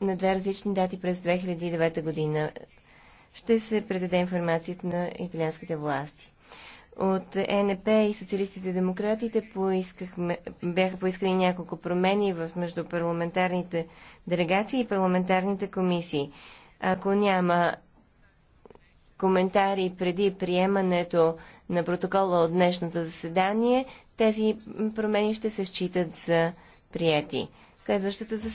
на две различни дати през 2009 година. Ще се предаде информацията на италианските власти. От ЕНП и социалистите демократите поискахме, бяха поискали няколко промени в междупарламентарните делегации и парламентарните комисии. Ако няма коментари преди приемането на протокола от днешното заседание, тези промени ще се считат за прияти. Следващото заседание